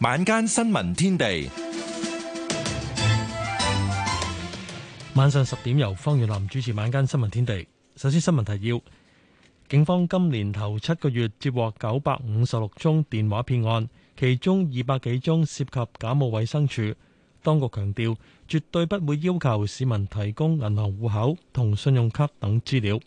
晚間新聞天地，晚上十點由方月林主持晚間新聞天地。首先，新聞提要：警方今年頭七個月接獲九百五十六宗電話騙案，其中二百幾宗涉及假冒衛生署。當局強調。強調絕對不會要求市民提供銀行戶口同信用卡等資料。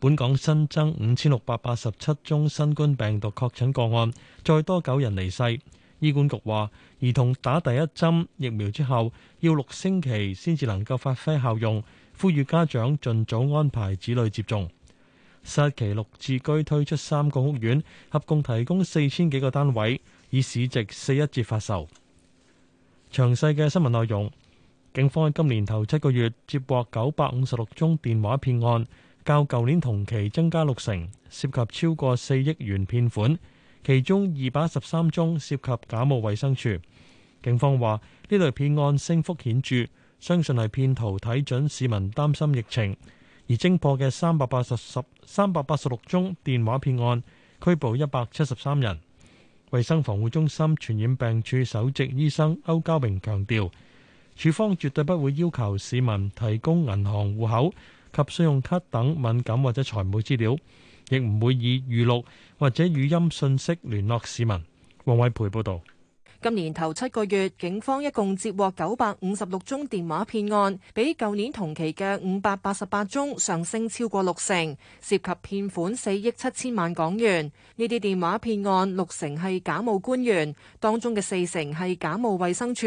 本港新增五千六百八十七宗新冠病毒確診個案，再多九人離世。醫管局話，兒童打第一針疫苗之後要六星期先至能夠發揮效用，呼籲家長盡早安排子女接種。星期六自居推出三個屋苑，合共提供四千幾個單位，以市值四一折發售。詳細嘅新聞內容，警方喺今年頭七個月接獲九百五十六宗電話騙案。較舊年同期增加六成，涉及超過四億元騙款，其中二百一十三宗涉及假冒衛生署。警方話呢類騙案升幅顯著，相信係騙徒睇準市民擔心疫情。而偵破嘅三百八十三三百八十六宗電話騙案，拘捕一百七十三人。衛生防護中心傳染病處首席醫生歐家榮強調，處方絕對不會要求市民提供銀行戶口，及信用卡等敏感或者財務資料，亦唔會以預錄或者語音信息聯絡市民。王偉培報道。今年頭七個月，警方一共接獲九百五十六宗電話騙案，比舊年同期嘅五百八十八宗上升超過六成，涉及騙款四億七千萬港元。呢啲電話騙案六成係假冒官員，當中嘅四成係假冒衛生署。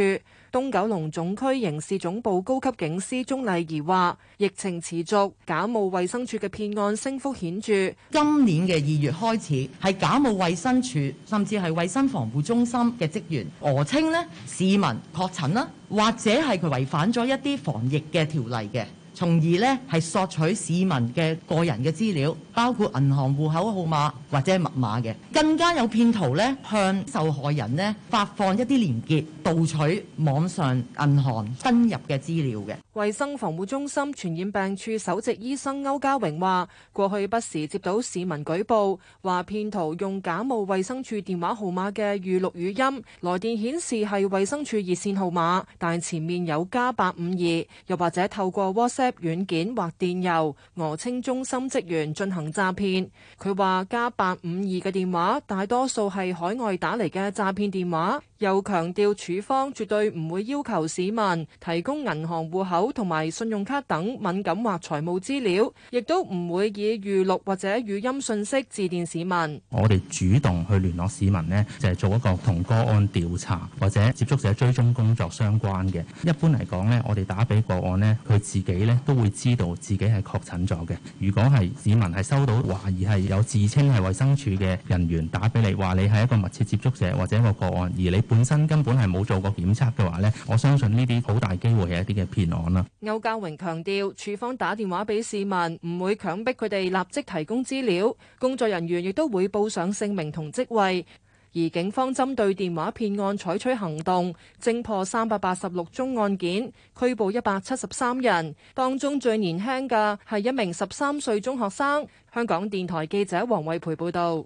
東九龍總區刑事總部高級警司鍾麗儀話，疫情持續，假冒衛生署嘅騙案升幅顯著。今年嘅二月開始，係假冒衛生署，甚至係衛生防護中心嘅職員，訛稱呢市民確診啦，或者係佢違反咗一啲防疫嘅條例嘅。從而咧係索取市民嘅個人嘅資料，包括銀行戶口號碼或者密碼嘅。更加有騙徒咧向受害人咧發放一啲連結，盜取網上銀行登入嘅資料嘅。衞生防護中心傳染病處首席醫生歐家榮話，過去不時接到市民舉報，話騙徒用假冒衞生署電話號碼嘅預錄語音，來電顯示係衞生署熱線號碼，但前面有加八五二，52，又或者透過 WhatsApp。軟件或電郵，訛稱中心職員進行詐騙。佢話加八五二嘅電話，大多數係海外打嚟嘅詐騙電話。又強調，處方絕對唔會要求市民提供銀行戶口同埋信用卡等敏感或財務資料，亦都唔會以預錄或者語音信息致電市民。我哋主動去聯絡市民呢，就係做一個同個案調查或者接觸者追蹤工作相關嘅。一般嚟講呢，我哋打俾個案呢，佢自己呢，都會知道自己係確診咗嘅。如果係市民係收到懷疑係有自稱係衛生署嘅人員打俾你，話你係一個密切接觸者或者一個個案，而你本身根本係冇做過檢測嘅話呢，我相信呢啲好大機會係一啲嘅騙案啦。歐家榮強調，處方打電話俾市民，唔會強迫佢哋立即提供資料，工作人員亦都會報上姓名同職位。而警方針對電話騙案採取行動，偵破三百八十六宗案件，拘捕一百七十三人，當中最年輕嘅係一名十三歲中學生。香港電台記者黃惠培報導。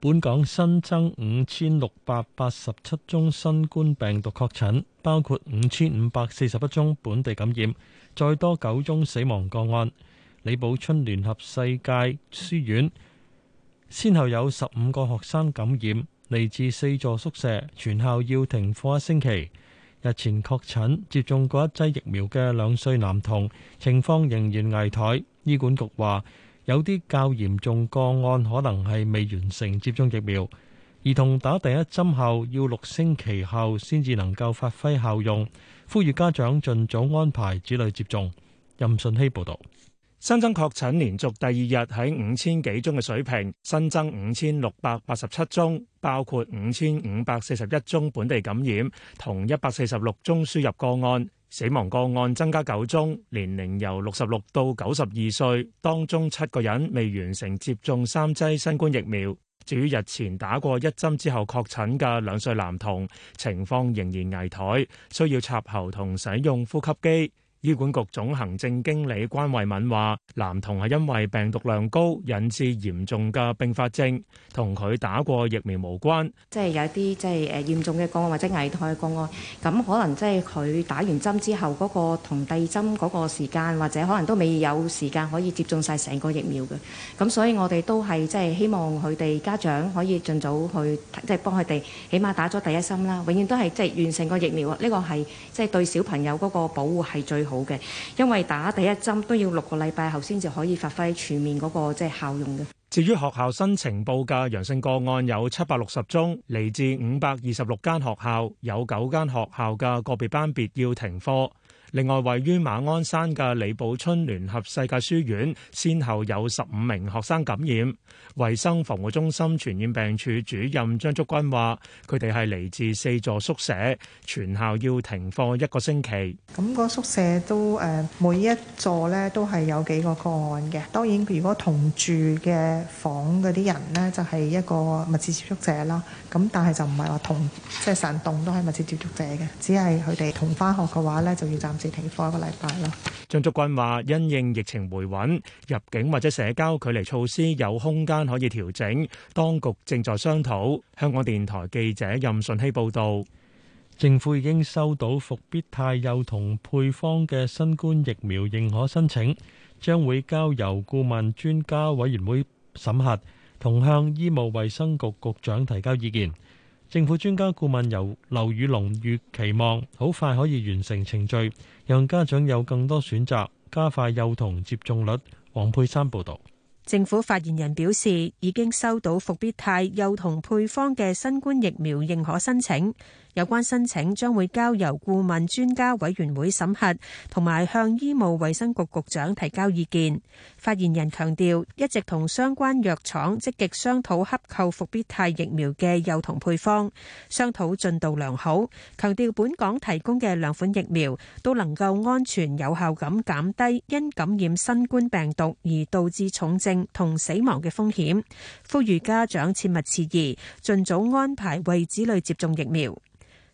本港新增五千六百八十七宗新冠病毒確診，包括五千五百四十一宗本地感染，再多九宗死亡個案。李寶春聯合世界書院，先後有十五個學生感染。嚟自四座宿舍，全校要停課一星期。日前確診接種過一劑疫苗嘅兩歲男童情況仍然危殆。醫管局話有啲較嚴重個案可能係未完成接種疫苗。兒童打第一針後要六星期後先至能夠發揮效用，呼籲家長盡早安排子女接種。任信希報道。新增確診連續第二日喺五千幾宗嘅水平，新增五千六百八十七宗，包括五千五百四十一宗本地感染，同一百四十六宗輸入個案。死亡個案增加九宗，年齡由六十六到九十二歲，當中七個人未完成接種三劑新冠疫苗。至於日前打過一針之後確診嘅兩歲男童，情況仍然危殆，需要插喉同使用呼吸機。醫管局總行政經理關慧敏話，男童係因為病毒量高，引致嚴重嘅併發症，同佢打過疫苗無關。即係有啲即係誒嚴重嘅個案或者危殆個案，咁可能即係佢打完針之後嗰個同第二針嗰個時間，或者可能都未有時間可以接種晒成個疫苗嘅。咁所以我哋都係即係希望佢哋家長可以盡早去，即係幫佢哋起碼打咗第一針啦。永遠都係即係完成個疫苗，呢個係即係對小朋友嗰個保護係最。好嘅，因為打第一針都要六個禮拜後先至可以發揮全面嗰個即係效用嘅。至於學校申請報嘅陽性個案有七百六十宗，嚟自五百二十六間學校，有九間學校嘅個別班別要停課。另外，位於馬鞍山嘅李寶椿聯合世界書院，先後有十五名學生感染。衞生防護中心傳染病處主任張竹君話：佢哋係嚟自四座宿舍，全校要停課一個星期。咁個宿舍都誒、呃，每一座咧都係有幾個個案嘅。當然，如果同住嘅房嗰啲人呢，就係、是、一個密切接觸者啦。咁但係就唔係話同即係成棟都係密切接觸者嘅，只係佢哋同返學嘅話咧就要暫。暫停放一個禮拜啦。張竹君話，因應疫情回穩，入境或者社交距離措施有空間可以調整，當局正在商討。香港電台記者任順希報導。政府已經收到復必泰幼童配方嘅新冠疫苗認可申請，將會交由顧問專家委員會審核，同向醫務衛生局局長提交意見。政府專家顧問由劉宇龍月期望，好快可以完成程序，讓家長有更多選擇，加快幼童接種率。黃佩珊報導。政府發言人表示，已經收到復必泰幼童配方嘅新冠疫苗認可申請。有關申請將會交由顧問專家委員會審核，同埋向醫務衛生局局長提交意見。發言人強調，一直同相關藥廠積極商討洽購復必泰疫苗嘅幼童配方，商討進度良好。強調本港提供嘅兩款疫苗都能夠安全有效咁減低因感染新冠病毒而導致重症同死亡嘅風險。呼籲家長切勿遲疑，盡早安排為子女接種疫苗。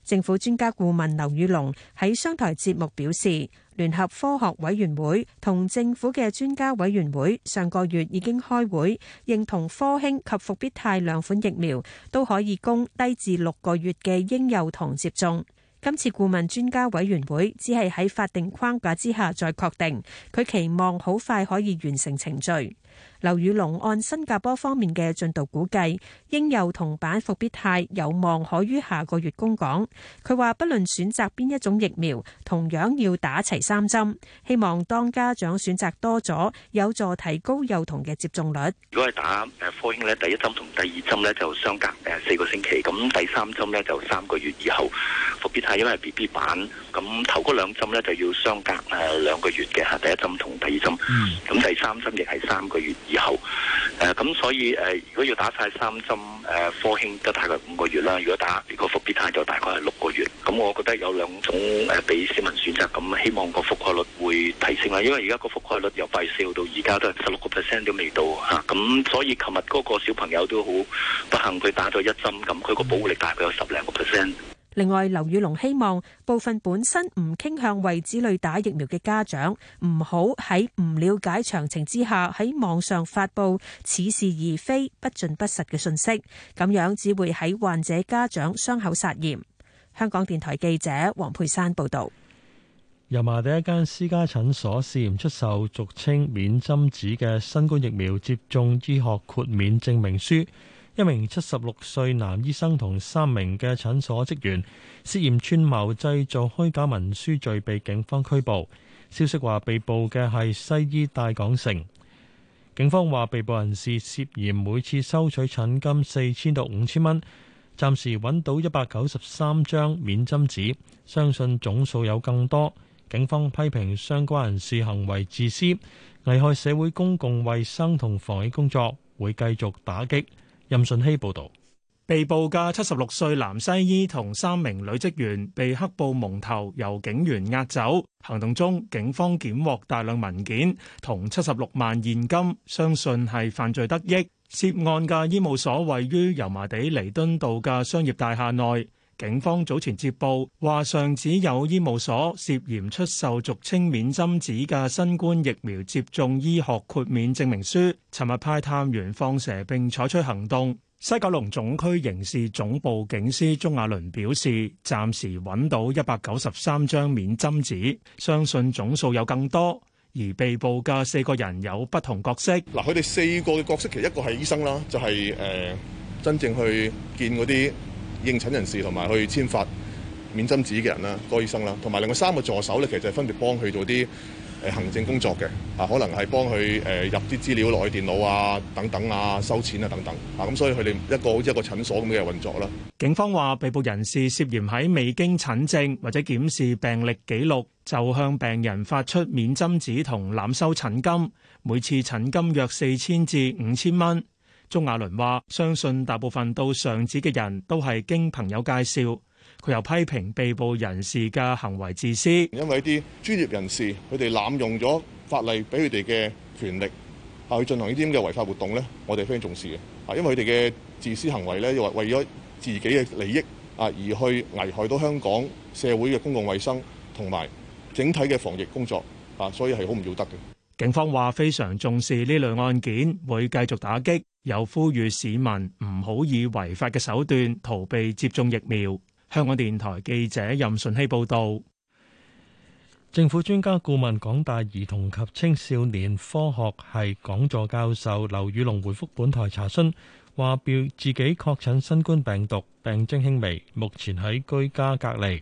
政府專家顧問劉宇龍喺商台節目表示，聯合科學委員會同政府嘅專家委員會上個月已經開會，認同科興及復必泰兩款疫苗都可以供低至六個月嘅嬰幼童接種。今次顧問專家委員會只係喺法定框架之下再確定，佢期望好快可以完成程序。劉宇龍按新加坡方面嘅進度估計，嬰幼童版復必泰有望可於下個月供港。佢話不論選擇邊一種疫苗，同樣要打齊三針。希望當家長選擇多咗，有助提高幼童嘅接種率。如果係打誒科興呢，第一針同第二針呢就相隔誒四個星期，咁第三針呢就三個月以後。復必泰因為 BB 版，咁頭嗰兩針呢就要相隔誒兩個月嘅嚇，第一針同第二針，咁第三針亦係三個月以後。以後，誒、呃，咁、嗯、所以誒、呃，如果要打晒三針，誒、呃，科興得大概五個月啦。如果打如果復必泰就大概係六個月。咁、嗯、我覺得有兩種誒，俾、呃、市民選擇。咁、嗯、希望個覆蓋率會提升啦。因為而家個覆蓋率由閉四到而家都係十六個 percent 都未到吓。咁、啊嗯、所以琴日嗰個小朋友都好不幸，佢打咗一針，咁佢個保護力大概有十零個 percent。另外，劉宇龍希望部分本身唔傾向為子女打疫苗嘅家長，唔好喺唔了解詳情之下喺網上發佈似是而非、不盡不實嘅信息，咁樣只會喺患者家長傷口撒鹽。香港電台記者黃佩珊報道。油麻地一間私家診所涉嫌出售俗稱免針紙嘅新冠疫苗接種醫學豁免證明書。一名七十六歲男醫生同三名嘅診所職員涉嫌串謀製造虛假文書罪，被警方拘捕。消息話，被捕嘅係西醫大港城。警方話，被捕人士涉嫌每次收取診金四千到五千蚊，暫時揾到一百九十三張免針紙，相信總數有更多。警方批評相關人士行為自私，危害社會公共衛生同防疫工作，會繼續打擊。任信希報道，被捕嘅七十六歲男西醫同三名女職員被黑布蒙頭，由警員押走。行動中，警方檢獲大量文件同七十六萬現金，相信係犯罪得益。涉案嘅醫務所位於油麻地彌敦道嘅商業大廈內。警方早前接報，話上址有醫務所涉嫌出售俗稱免針紙嘅新冠疫苗接種醫學豁免證明書。尋日派探員放蛇，並採取行動。西九龍總區刑事總部警司鍾亞倫表示，暫時揾到一百九十三張免針紙，相信總數有更多。而被捕嘅四個人有不同角色。嗱，佢哋四個嘅角色，其實一個係醫生啦，就係、是、誒、呃、真正去見嗰啲。應診人士同埋去簽發免針紙嘅人啦，郭醫生啦，同埋另外三個助手咧，其實係分別幫佢做啲誒行政工作嘅，啊，可能係幫佢誒入啲資料落去電腦啊，等等啊，收錢啊等等，啊，咁所以佢哋一個一個診所咁嘅運作啦。警方話被捕人士涉嫌喺未經診證或者檢視病歷記錄，就向病人發出免針紙同濫收診金，每次診金約四千至五千蚊。鐘雅倫話：相信大部分到上址嘅人都係經朋友介紹。佢又批評被捕人士嘅行為自私，因為啲專業人士佢哋濫用咗法例，俾佢哋嘅權力啊去進行呢啲咁嘅違法活動呢，我哋非常重視嘅啊，因為佢哋嘅自私行為呢，又為咗自己嘅利益啊而去危害到香港社會嘅公共衛生同埋整體嘅防疫工作啊，所以係好唔要得嘅。警方話非常重視呢類案件，會繼續打擊。又呼籲市民唔好以違法嘅手段逃避接種疫苗。香港電台記者任順希報道，政府專家顧問港大兒童及青少年科學系講座教授劉宇龍回覆本台查詢，話表自己確診新冠病毒，病徵輕微，目前喺居家隔離。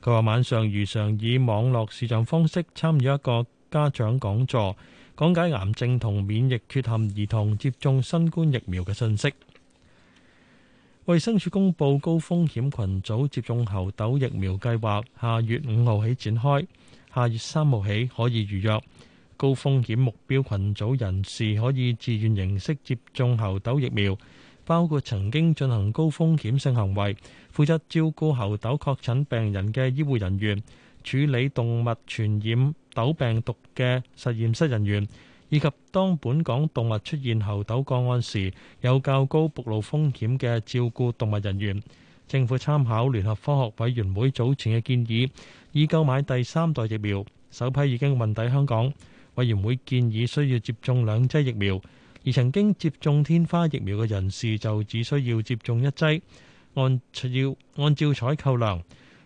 佢話晚上如常以網絡視像方式參與一個家長講座。講解癌症同免疫缺陷兒童接種新冠疫苗嘅信息。衛生署公布高風險群組接種猴痘疫苗計劃，下月五號起展開，下月三號起可以預約。高風險目標群組人士可以自願形式接種猴痘疫苗，包括曾經進行高風險性行為、負責照高猴痘確診病人嘅醫護人員。處理動物傳染痘病毒嘅實驗室人員，以及當本港動物出現喉痘個案時有較高暴露風險嘅照顧動物人員，政府參考聯合科學委員會早前嘅建議，已購買第三代疫苗，首批已經運抵香港。委員會建議需要接種兩劑疫苗，而曾經接種天花疫苗嘅人士就只需要接種一劑。按要按照採購量。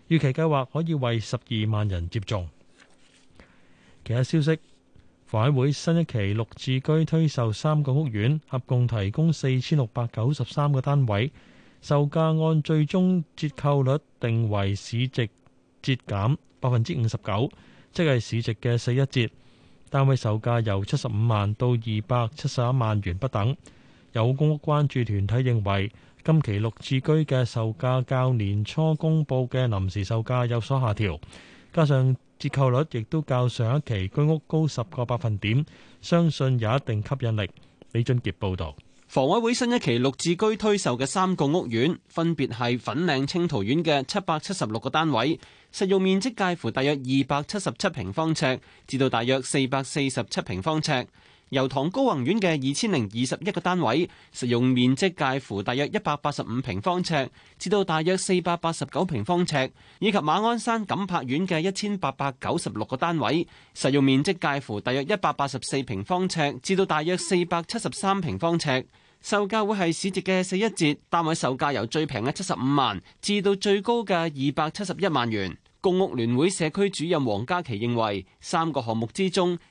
預期計劃可以為十二萬人接種。其他消息，房委會新一期綠置居推售三個屋苑，合共提供四千六百九十三個單位，售價按最終折扣率定為市值折減百分之五十九，即係市值嘅四一折。單位售價由七十五萬到二百七十一萬元不等。有公屋關注團體認為，今期綠置居嘅售價較年初公布嘅臨時售價有所下調，加上折扣率亦都較上一期居屋高十個百分點，相信有一定吸引力。李俊傑報道。房委會新一期綠置居推售嘅三個屋苑，分別係粉嶺清濤苑嘅七百七十六個單位，實用面積介乎大約二百七十七平方尺至到大約四百四十七平方尺。由塘高宏苑嘅二千零二十一個單位，實用面積介乎大約一百八十五平方尺，至到大約四百八十九平方尺，以及馬鞍山錦柏苑嘅一千八百九十六個單位，實用面積介乎大約一百八十四平方尺，至到大約四百七十三平方尺，售價會係市值嘅四一折，單位售價由最平嘅七十五萬，至到最高嘅二百七十一萬元。公屋聯會社區主任黃家琪認為，三個項目之中，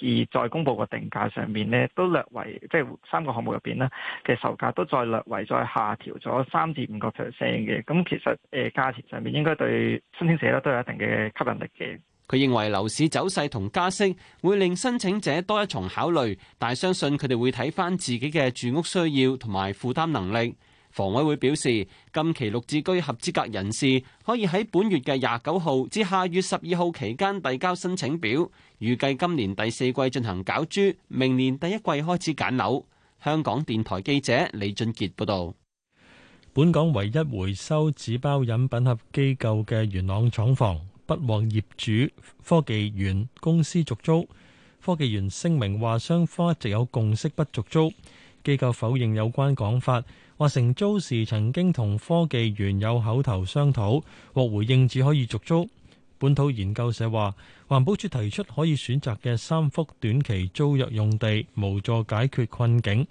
而再公布個定價上面咧，都略為，即係三個項目入邊啦，嘅售價都再略為再下調咗三至五個 percent 嘅。咁其實誒價錢上面應該對申請者咧都有一定嘅吸引力嘅。佢認為樓市走勢同加息會令申請者多一重考慮，但係相信佢哋會睇翻自己嘅住屋需要同埋負擔能力。房委會表示，近期綠置居合資格人士可以喺本月嘅廿九號至下月十二號期間遞交申請表。預計今年第四季進行攪珠，明年第一季開始揀樓。香港電台記者李俊杰報道。本港唯一回收紙包飲品盒機構嘅元朗廠房，不獲業主科技園公司續租。科技園聲明話雙方一直有共識不續租，機構否認有關講法。話承租時曾經同科技園有口頭商討，獲回應只可以續租。本土研究社話，環保署提出可以選擇嘅三幅短期租約用地，無助解決困境。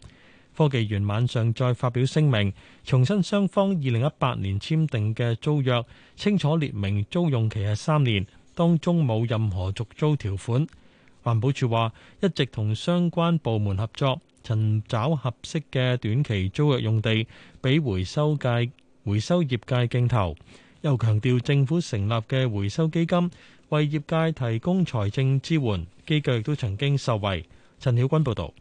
科技園晚上再發表聲明，重申雙方二零一八年簽訂嘅租約，清楚列明租用期係三年，當中冇任何續租條款。環保署話，一直同相關部門合作。尋找合適嘅短期租約用地，俾回收界、回收業界競投。又強調政府成立嘅回收基金，為業界提供財政支援。機構亦都曾經受惠。陳曉君報道。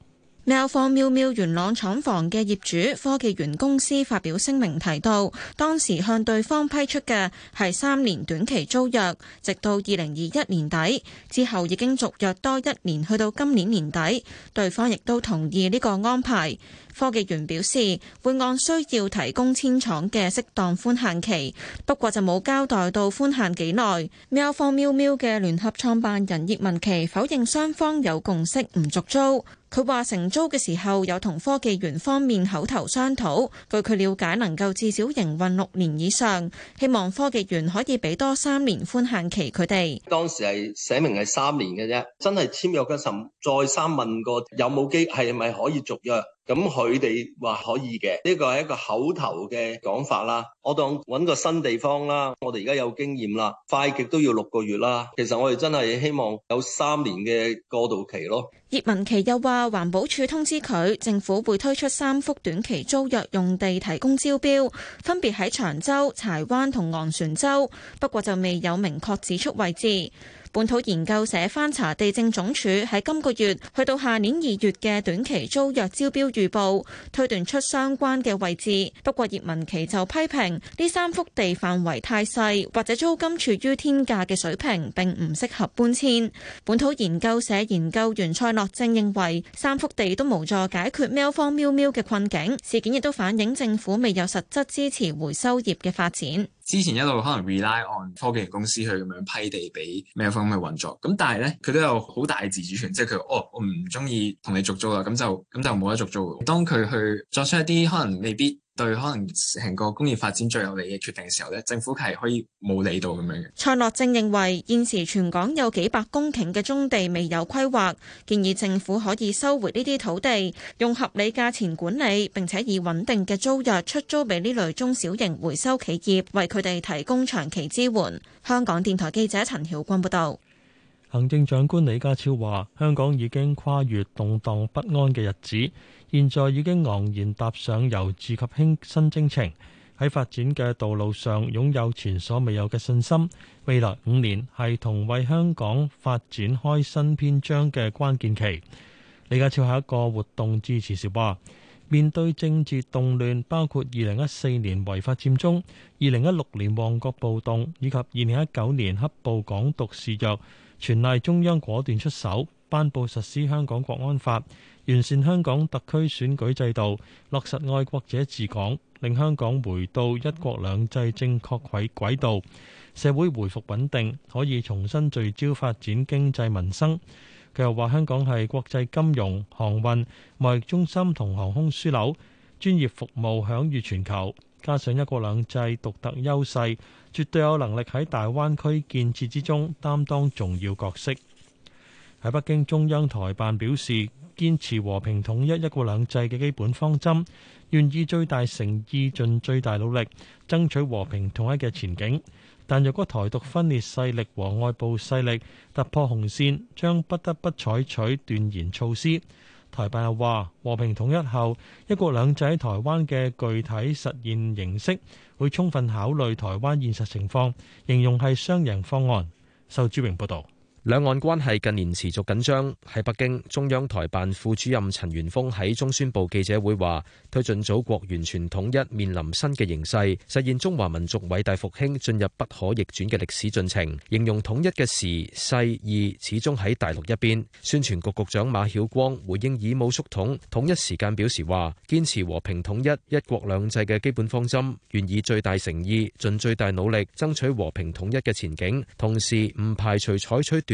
妙方妙妙元朗廠房嘅業主科技園公司發表聲明，提到當時向對方批出嘅係三年短期租約，直到二零二一年底之後，已經續約多一年，去到今年年底，對方亦都同意呢個安排。科技園表示會按需要提供遷廠嘅適當寬限期，不過就冇交代到寬限幾耐。喵方喵喵嘅聯合創辦人葉文琪否認雙方有共識唔續租。佢話承租嘅時候有同科技園方面口頭商討，據佢了解能夠至少營運六年以上，希望科技園可以俾多三年寬限期佢哋。當時係寫明係三年嘅啫，真係簽約嘅時候再三問過有冇機係咪可以續約。咁佢哋話可以嘅，呢個係一個口頭嘅講法啦。我當揾個新地方啦，我哋而家有經驗啦，快極都要六個月啦。其實我哋真係希望有三年嘅過渡期咯。葉文琪又話，環保署通知佢，政府會推出三幅短期租約用地提供招標，分別喺長洲、柴灣同昂船洲，不過就未有明確指出位置。本土研究社翻查地政總署喺今個月去到下年二月嘅短期租約招標預報，推斷出相關嘅位置。不過葉文琪就批評呢三幅地範圍太細，或者租金處於天價嘅水平，並唔適合搬遷。本土研究社研究員蔡樂正認為，三幅地都無助解決喵方喵喵嘅困境。事件亦都反映政府未有實質支持回收業嘅發展。之前一路可能 rely on 科技型公司去咁樣批地俾咩方去運作，咁但係咧佢都有好大自主權，即係佢哦我唔中意同你續租啦，咁就咁就冇得續租。當佢去作出一啲可能未必。對可能成個工業發展最有利嘅決定嘅時候呢，政府係可以冇理到咁樣嘅。蔡樂正認為，現時全港有幾百公頃嘅棕地未有規劃，建議政府可以收回呢啲土地，用合理價錢管理，並且以穩定嘅租約出租俾呢類中小型回收企業，為佢哋提供長期支援。香港電台記者陳曉君報道。行政長官李家超話，香港已經跨越動盪不安嘅日子。現在已經昂然踏上由治及興新征程，喺發展嘅道路上擁有前所未有嘅信心。未來五年係同為香港發展開新篇章嘅關鍵期。李家超喺一個活動致辭時話：面對政治動亂，包括二零一四年違法佔中、二零一六年旺角暴動以及二零一九年黑暴港獨肆虐，全賴中央果斷出手，頒布實施香港國安法。完善香港特區選舉制度，落實愛國者治港，令香港回到一國兩制正確軌軌道，社會回復穩定，可以重新聚焦發展經濟民生。佢又話香港係國際金融、航運貿易中心同航空樞紐專業服務享譽全球，加上一國兩制獨特優勢，絕對有能力喺大灣區建設之中擔當重要角色。喺北京中央台辦表示。堅持和平統一、一國兩制嘅基本方針，願意最大誠意、盡最大努力，爭取和平統一嘅前景。但若果台獨分裂勢力和外部勢力突破紅線，將不得不採取斷然措施。台辦又話，和平統一後，一國兩制喺台灣嘅具體實現形式會充分考慮台灣現實情況，形容係雙贏方案。仇志榮報導。兩岸關係近年持續緊張。喺北京，中央台辦副主任陳元峰喺中宣部記者會話，推進祖國完全統一面臨新嘅形勢，實現中華民族偉大復興進入不可逆轉嘅歷史進程。形容統一嘅時勢，意始終喺大陸一邊。宣傳局局長馬曉光回應以武促統統一時間，表示話堅持和平統一一國兩制嘅基本方針，願以最大誠意、盡最大努力爭取和平統一嘅前景，同時唔排除採取。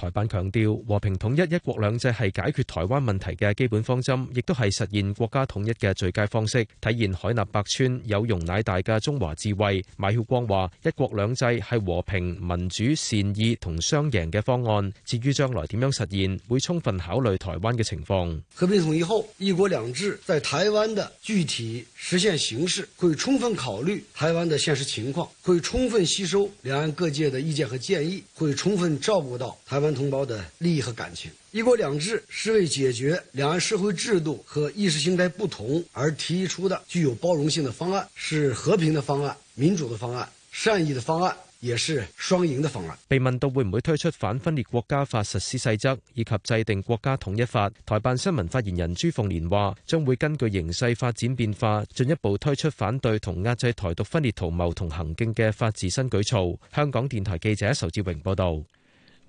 台辦強調和平統一、一國兩制係解決台灣問題嘅基本方針，亦都係實現國家統一嘅最佳方式，體現海納百川、有容乃大嘅中華智慧。馬曉光話：一國兩制係和平、民主、善意同雙贏嘅方案。至於將來點樣實現，會充分考慮台灣嘅情況。和平統一後，一國兩制在台灣的具體實現形式，會充分考慮台灣的現實情況，會充分吸收兩岸各界嘅意見和建議，會充分照顧到台灣同胞的利益和感情，一國兩制是為解決兩岸社會制度和意識形態不同而提出的具有包容性的方案，是和平的方案、民主的方案、善意的方案，也是雙贏的方案。被問到會唔會推出反分裂國家法實施細則以及制定國家統一法，台辦新聞發言人朱鳳蓮話：將會根據形勢發展變化，進一步推出反對同壓制台獨分裂圖謀同行徑嘅法治新舉措。香港電台記者仇志榮報道。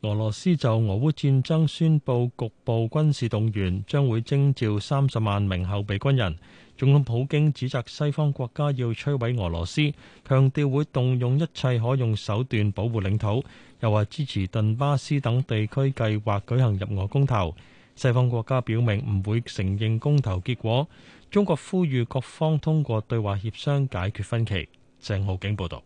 俄羅斯就俄烏戰爭宣布局部軍事動員，將會徵召三十萬名後備軍人。總統普京指責西方國家要摧毀俄羅斯，強調會動用一切可用手段保護領土，又話支持頓巴斯等地區計劃舉行入俄公投。西方國家表明唔會承認公投結果。中國呼籲各方通過對話協商解決分歧。鄭浩景報道。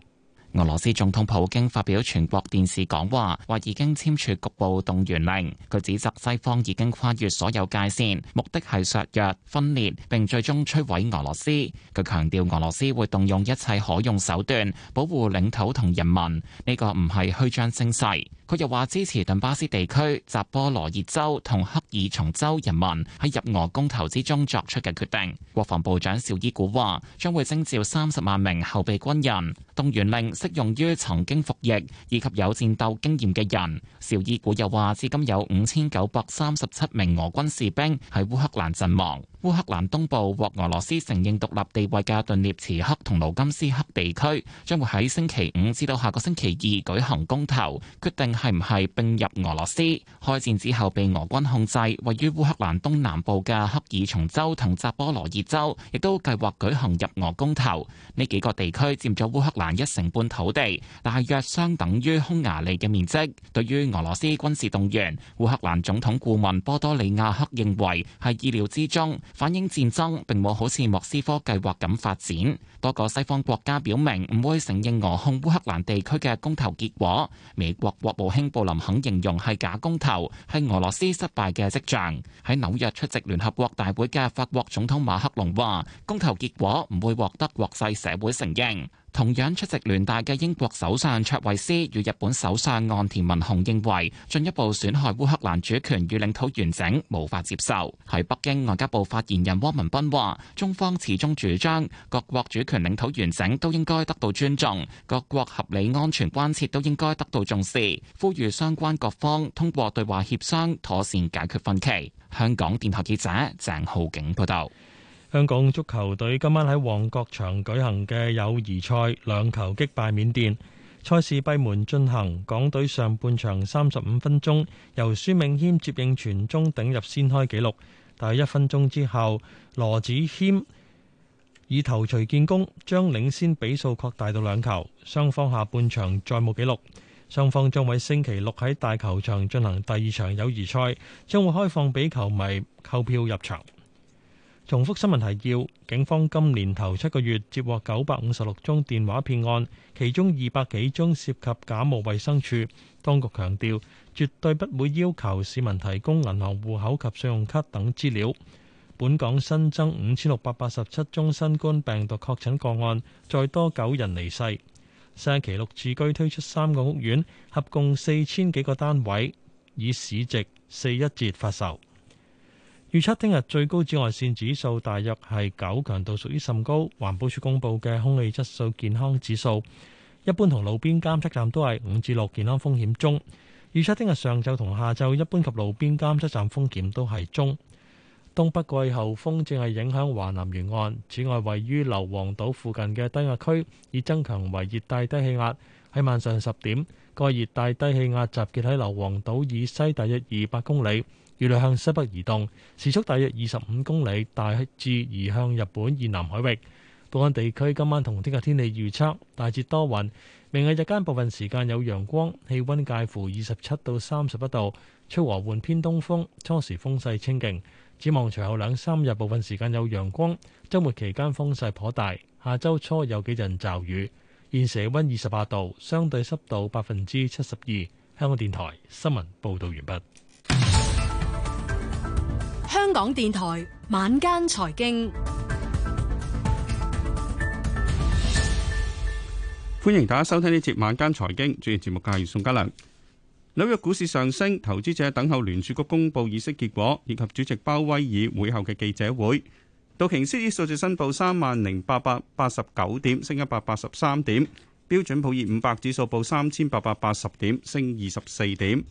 俄羅斯總統普京發表全國電視講話，話已經簽署局部動員令。佢指責西方已經跨越所有界線，目的係削弱、分裂，並最終摧毀俄羅斯。佢強調俄羅斯會動用一切可用手段保護領土同人民，呢個唔係虛張聲勢。佢又話支持頓巴斯地區、扎波羅熱州同克爾松州人民喺入俄公投之中作出嘅決定。國防部長邵伊古話，將會徵召三十萬名後備軍人，動員令，適用於曾經服役以及有戰鬥經驗嘅人。紹伊古又話，至今有五千九百三十七名俄軍士兵喺烏克蘭陣亡。烏克蘭東部獲俄羅斯承認獨立地位嘅頓涅茨克同盧甘斯克地區，將會喺星期五至到下個星期二舉行公投，決定係唔係併入俄羅斯。開戰之後被俄軍控制，位於烏克蘭東南部嘅克爾松州同扎波羅熱州，亦都計劃舉行入俄公投。呢幾個地區佔咗烏克蘭一成半土地，大約相等於匈牙利嘅面積。對於俄羅斯軍事動員，烏克蘭總統顧問波多利亞克認為係意料之中。反映戰爭並冇好似莫斯科計劃咁發展。多個西方國家表明唔會承認俄控烏克蘭地區嘅公投結果。美國國務卿布林肯形容係假公投，係俄羅斯失敗嘅跡象。喺紐約出席聯合國大會嘅法國總統馬克龍話，公投結果唔會獲得國際社會承認。同樣出席聯大嘅英國首相卓慧思與日本首相岸田文雄認為，進一步損害烏克蘭主權與領土完整，無法接受。喺北京外交部發言人汪文斌話，中方始終主張，各國主權領土完整都應該得到尊重，各國合理安全關切都應該得到重視，呼籲相關各方通過對話協商，妥善解決分歧。香港電台記者鄭浩景報道。香港足球隊今晚喺旺角場舉行嘅友誼賽，兩球擊敗緬甸。賽事閉門進行，港隊上半場三十五分鐘由孫銘謙接應傳中頂入先開紀錄，但係一分鐘之後羅子謙以頭錘建功，將領先比數擴大到兩球。雙方下半場再冇紀錄，雙方將喺星期六喺大球場進行第二場友誼賽，將會開放俾球迷購票入場。重複新聞提要，警方今年頭七個月接獲九百五十六宗電話騙案，其中二百幾宗涉及假冒衛生署。當局強調，絕對不會要求市民提供銀行戶口及信用卡等資料。本港新增五千六百八十七宗新冠病毒確診個案，再多九人離世。星期六居屋推出三個屋苑，合共四千幾個單位，以市值四一折發售。預測聽日最高紫外線指數大約係九強度，屬於甚高。環保署公布嘅空氣質素健康指數，一般同路邊監測站都係五至六，健康風險中。預測聽日上晝同下晝，一般及路邊監測站風險都係中。東北季候風正係影響華南沿岸，此外位於硫磺島附近嘅低壓區已增強為熱帶低氣壓，喺晚上十點，該熱帶低氣壓集結喺硫磺島以西大約二百公里。預料向西北移動，時速大約二十五公里，大致移向日本以南海域。本港地區今晚同聽日天氣預測大致多雲，明日日間部分時間有陽光，氣溫介乎二十七到三十一度，吹和緩偏東風，初時風勢清勁。展望隨後兩三日部分時間有陽光，周末期間風勢頗大，下周初有幾陣驟雨。現時氣溫二十八度，相對濕度百分之七十二。香港電台新聞報道完畢。港電台晚間財經，歡迎大家收聽呢節晚間財經。主持節目嘅係宋嘉良。紐約股市上升，投資者等候聯儲局公布議息結果以及主席鮑威爾會後嘅記者會。道瓊斯指數升報三萬零八百八十九點，升一百八十三點。標準普爾五百指數報三千八百八十點，升二十四點。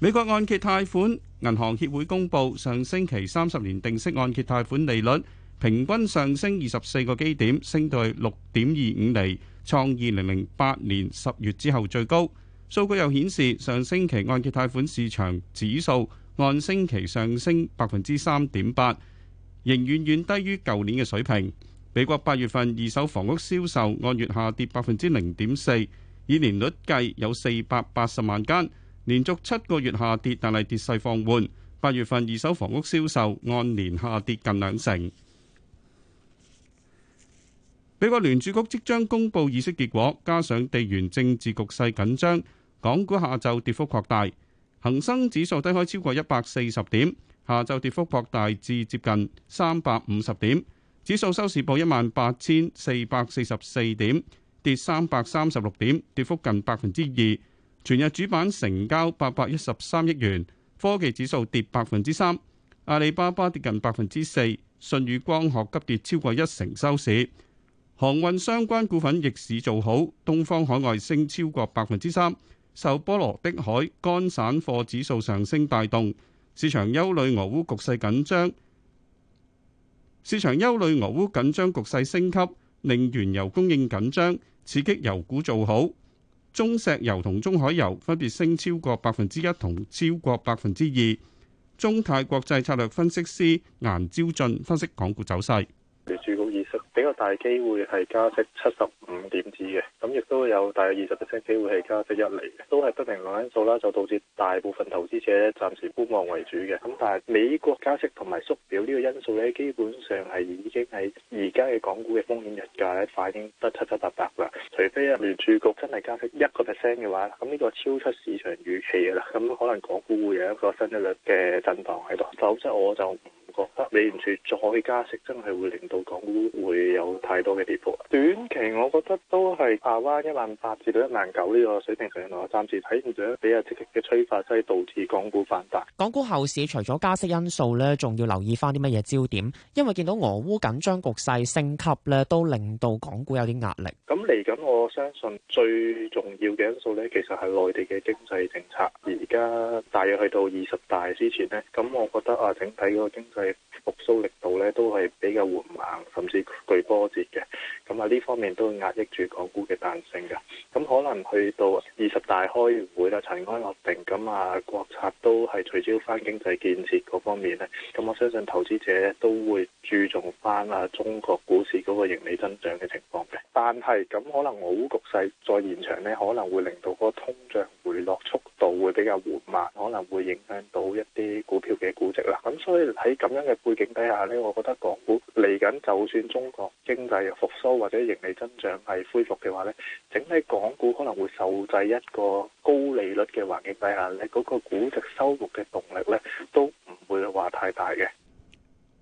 美國按揭貸款銀行協會公布，上星期三十年定息按揭貸款利率平均上升二十四個基點，升到六點二五厘，創二零零八年十月之後最高。數據又顯示，上星期按揭貸款市場指數按星期上升百分之三點八，仍遠遠低於舊年嘅水平。美國八月份二手房屋銷售按月下跌百分之零點四，以年率計有四百八十萬間。連續七個月下跌，但係跌勢放緩。八月份二手房屋銷售按年下跌近兩成。美國聯儲局即將公布議息結果，加上地緣政治局勢緊張，港股下晝跌幅擴大。恒生指數低開超過一百四十點，下晝跌幅擴大至接近三百五十點，指數收市報一萬八千四百四十四點，跌三百三十六點，跌幅近百分之二。全日主板成交八百一十三億元，科技指數跌百分之三，阿里巴巴跌近百分之四，舜宇光學急跌超過一成收市。航運相關股份逆市做好，東方海外升超過百分之三，受波羅的海乾散貨指數上升帶動。市場憂慮俄烏局勢緊張，市場憂慮俄烏緊張局勢升級，令原油供應緊張，刺激油股做好。中石油同中海油分別升超過百分之一同超過百分之二。中泰國際策略分析師顏招駿分析港股走勢。二十比較大機會係加息七十五點子嘅，咁亦都有大約二十 percent 機會係加息一釐嘅，都係不明朗因素啦，就導致大部分投資者暫時觀望為主嘅。咁但係美國加息同埋縮表呢個因素咧，基本上係已經喺而家嘅港股嘅風險溢價咧反映得七七八八啦。除非啊聯儲局真係加息一個 percent 嘅話，咁呢個超出市場預期嘅啦，咁可能港股會有一個新一輪嘅震盪喺度。否則我就覺得你完全再加息，真係會令到港股會有太多嘅跌幅。短期我覺得都係亞灣一萬八至到一萬九呢個水平上落，暫時睇唔到比較積極嘅催化劑、就是、導致港股反彈。港股後市除咗加息因素咧，仲要留意翻啲乜嘢焦點？因為見到俄烏緊張局勢升級咧，都令到港股有啲壓力。咁嚟緊，我相信最重要嘅因素咧，其實係內地嘅經濟政策。而家大約去到二十大之前呢，咁我覺得啊，整體嗰個經濟。復蘇力度呢，都係比較緩慢，甚至巨波折嘅。咁啊呢方面都會壓抑住港股嘅彈性嘅，咁可能去到二十大開完會啦，塵埃落定，咁啊國策都係聚焦翻經濟建設嗰方面咧，咁我相信投資者都會注重翻啊中國股市嗰個盈利增長嘅情況嘅。但係咁可能俄烏局勢再延長咧，可能會令到嗰個通脹回落速度會比較緩慢，可能會影響到一啲股票嘅估值啦。咁所以喺咁樣嘅背景底下咧，我覺得港股嚟緊就算中國經濟復蘇。或者盈利增長係恢復嘅話呢，整體港股可能會受制一個高利率嘅環境底下呢，嗰個估值修復嘅動力呢都唔會話太大嘅。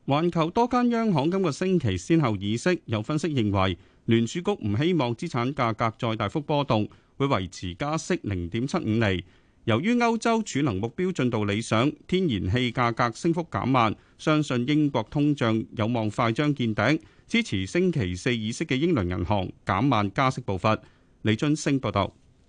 環球多間央行今個星期先後議息，有分析認為聯儲局唔希望資產價格再大幅波動，會維持加息零點七五厘。由於歐洲儲能目標進度理想，天然氣價格升幅減慢，相信英國通脹有望快將見頂，支持星期四議息嘅英倫銀行減慢加息步伐。李俊升報道。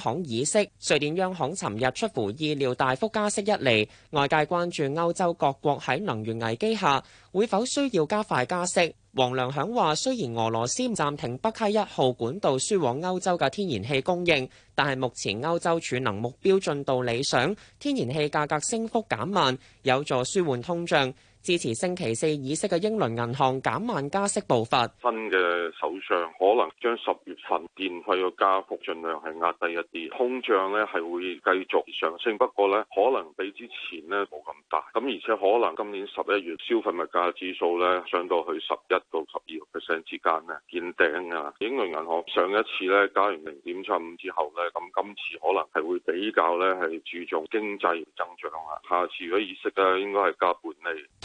行議息，瑞典央行尋日出乎意料大幅加息一厘，外界關注歐洲各國喺能源危機下會否需要加快加息。黃良響話，雖然俄羅斯暫停北溪一號管道輸往歐洲嘅天然氣供應，但係目前歐洲儲能目標進度理想，天然氣價格升幅減慢，有助舒緩通脹。支持星期四議息嘅英倫銀行減慢加息步伐，新嘅首相可能將十月份電費嘅加幅盡量係壓低一啲，通脹咧係會繼續上升，不過咧可能比之前咧冇咁大，咁而且可能今年十一月消費物價指數咧上到去十一到十二個 percent 之間呢，見頂啊！英倫銀行上一次咧加完零點七五之後咧，咁今次可能係會比較咧係注重經濟增長啊，下次如果議息咧應該係加半厘。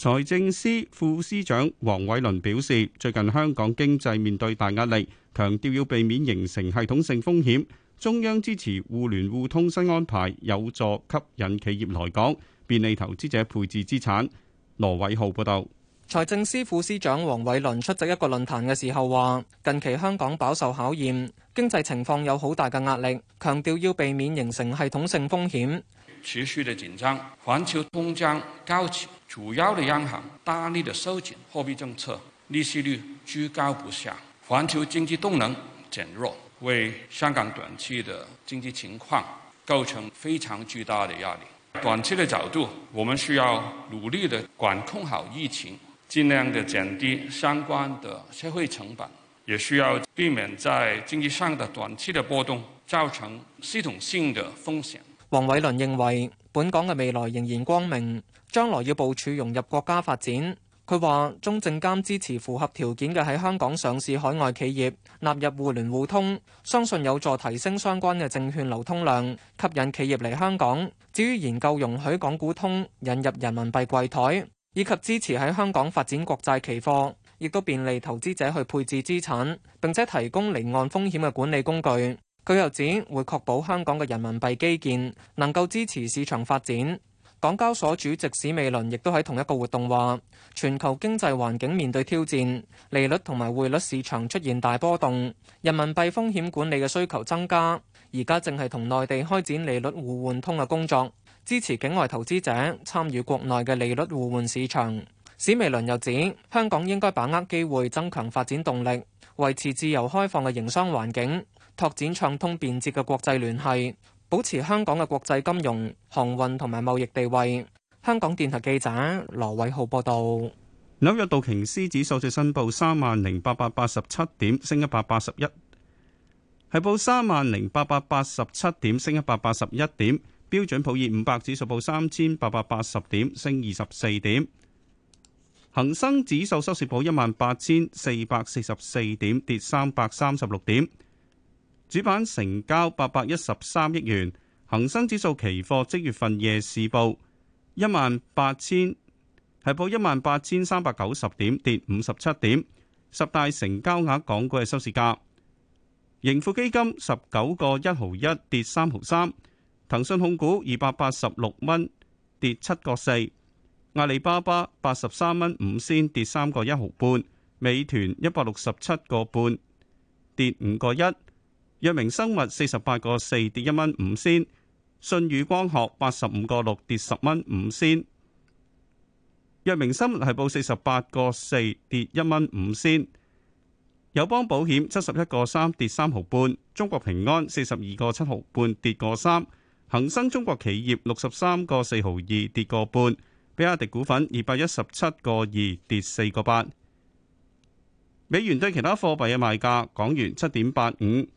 財政司副司長黃偉綸表示，最近香港經濟面對大壓力，強調要避免形成系統性風險。中央支持互聯互通新安排，有助吸引企業來港，便利投資者配置資產。羅偉浩報道，財政司副司長黃偉綸出席一個論壇嘅時候話，近期香港飽受考驗，經濟情況有好大嘅壓力，強調要避免形成系統性風險。持續嘅戰爭，環球通脹高企。主要的央行大力的收緊貨幣政策，利息率居高不下，環球經濟動能減弱，為香港短期的經濟情況構成非常巨大的壓力。短期的角度，我們需要努力的管控好疫情，盡量的減低相關的社會成本，也需要避免在經濟上的短期的波動造成系統性的風險。黃偉綸認為，本港嘅未來仍然光明。將來要部署融入國家發展，佢話中證監支持符合條件嘅喺香港上市海外企業納入互聯互通，相信有助提升相關嘅證券流通量，吸引企業嚟香港。至於研究容許港股通引入人民幣櫃台，以及支持喺香港發展國債期貨，亦都便利投資者去配置資產，並且提供離岸風險嘅管理工具。佢又指會確保香港嘅人民幣基建能夠支持市場發展。港交所主席史美倫亦都喺同一個活動話：全球經濟環境面對挑戰，利率同埋匯率市場出現大波動，人民幣風險管理嘅需求增加。而家正係同內地開展利率互換通嘅工作，支持境外投資者參與國內嘅利率互換市場。史美倫又指，香港應該把握機會，增強發展動力，維持自由開放嘅營商環境，拓展暢通便捷嘅國際聯繫。保持香港嘅國際金融、航運同埋貿易地位。香港電台記者羅偉浩報道，紐約道瓊斯指數最新報三萬零八百八十七點升一百八十一，係報三萬零八百八十七點升一百八十一點，標準普爾五百指數報三千八百八十點升二十四點，恒生指數收市報一萬八千四百四十四點跌三百三十六點。主板成交八百一十三億元，恒生指數期貨即月份夜市報一萬八千，係報一萬八千三百九十點，跌五十七點。十大成交額港股嘅收市價，盈富基金十九個一毫一跌三毫三，騰訊控股二百八十六蚊跌七個四，阿里巴巴八十三蚊五仙跌三個一毫半，美團一百六十七個半跌五個一。藥明生物四十八個四跌一蚊五仙，信宇光學八十五個六跌十蚊五仙，藥明生物係報四十八個四跌一蚊五仙，友邦保險七十一個三跌三毫半，中國平安四十二個七毫半跌個三，恒生中國企業六十三個四毫二跌個半，比亞迪股份二百一十七個二跌四個八，美元對其他貨幣嘅賣價，港元七點八五。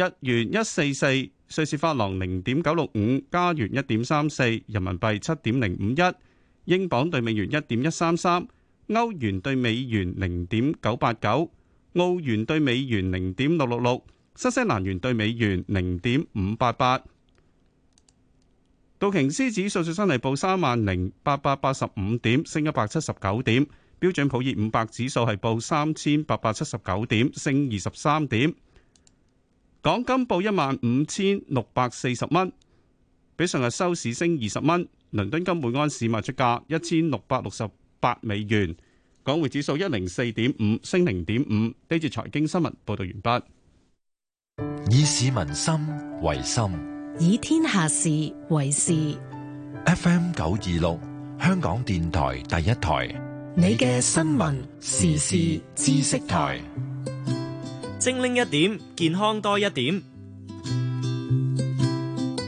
日元一四四，瑞士法郎零點九六五，加元一點三四，人民幣七點零五一，英鎊兌美元一點一三三，歐元兌美元零點九八九，澳元兌美元零點六六六，新西蘭元兌美元零點五八八。道瓊斯指數最新係報三萬零八百八十五點，升一百七十九點。標準普爾五百指數係報三千八百七十九點，升二十三點。港金報一萬五千六百四十蚊，比上日收市升二十蚊。倫敦金每安士賣出價一千六百六十八美元。港匯指數一零四點五，升零點五。呢節財經新聞報道完畢。以市民心為心，以天下事為事。F M 九二六，香港電台第一台，你嘅新聞時事知識台。精靈一點，健康多一點。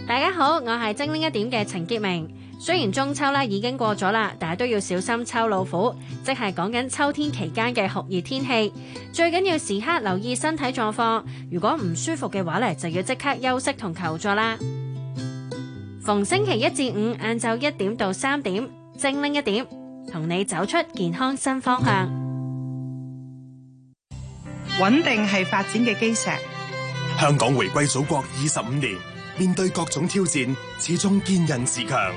大家好，我係精靈一點嘅陳杰明。雖然中秋咧已經過咗啦，但係都要小心秋老虎，即係講緊秋天期間嘅酷熱天氣。最緊要時刻留意身體狀況，如果唔舒服嘅話咧，就要即刻休息同求助啦。逢星期一至五晏晝一點到三點，精靈一點，同你走出健康新方向。穩定係發展嘅基石。香港回歸祖國二十五年，面對各種挑戰，始終堅韌自強。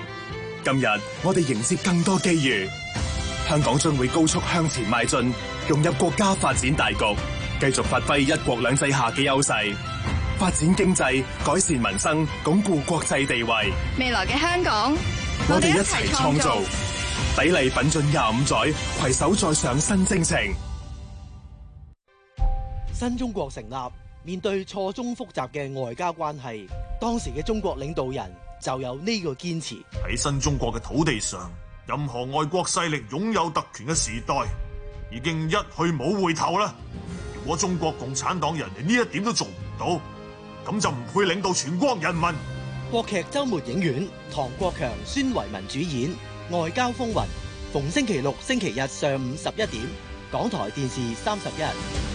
今日我哋迎接更多機遇，香港將會高速向前邁進，融入國家發展大局，繼續發揮一國兩制下嘅優勢，發展經濟，改善民生，鞏固國際地位。未來嘅香港，我哋一齊創造，砥礪奮進廿五載，攜手再上新征程。新中國成立，面對錯綜複雜嘅外交關係，當時嘅中國領導人就有呢個堅持。喺新中國嘅土地上，任何外國勢力擁有特權嘅時代已經一去冇回頭啦。如果中國共產黨人連呢一點都做唔到，咁就唔配領導全國人民。國劇周末影院，唐國強、孫維民主演《外交風雲》，逢星期六、星期日上午十一點，港台電視三十一。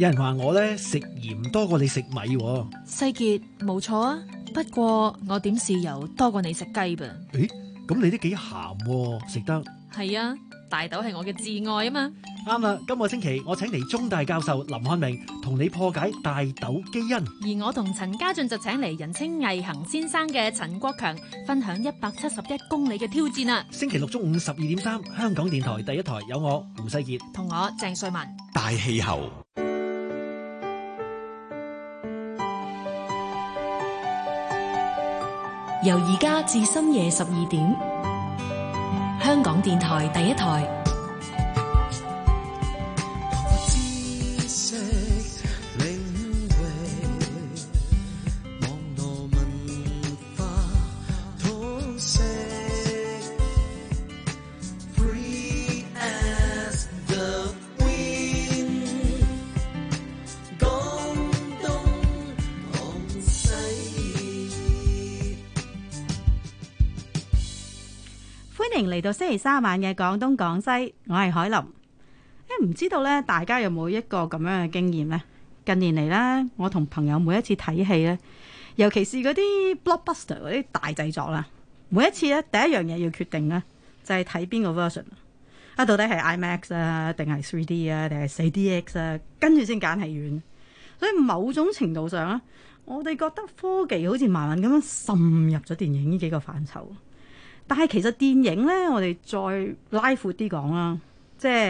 有人話我咧食鹽多過你食米，世杰冇錯啊。不過我點豉油多過你食雞噃？誒，咁你都幾鹹，食得？係啊，大豆係我嘅至愛啊嘛。啱啦，今個星期我請嚟中大教授林漢明同你破解大豆基因，而我同陳家俊就請嚟人稱毅行先生嘅陳國強分享一百七十一公里嘅挑戰啦。星期六中午十二點三，香港電台第一台有我胡世杰同我鄭瑞文大氣候。由而家至深夜十二點，香港電台第一台。嚟到星期三晚嘅廣東廣西，我係海林。誒，唔知道咧，大家有冇一個咁樣嘅經驗咧？近年嚟咧，我同朋友每一次睇戲咧，尤其是嗰啲 blockbuster 嗰啲大製作啦，每一次咧第一樣嘢要決定咧，就係睇邊個 version 啊，到底係 IMAX 啊，定係 3D 啊，定係 4DX 啊，跟住先揀戲院。所以某種程度上咧，我哋覺得科技好似慢慢咁樣滲入咗電影呢幾個範疇。但係其實電影咧，我哋再拉闊啲講啦，即係。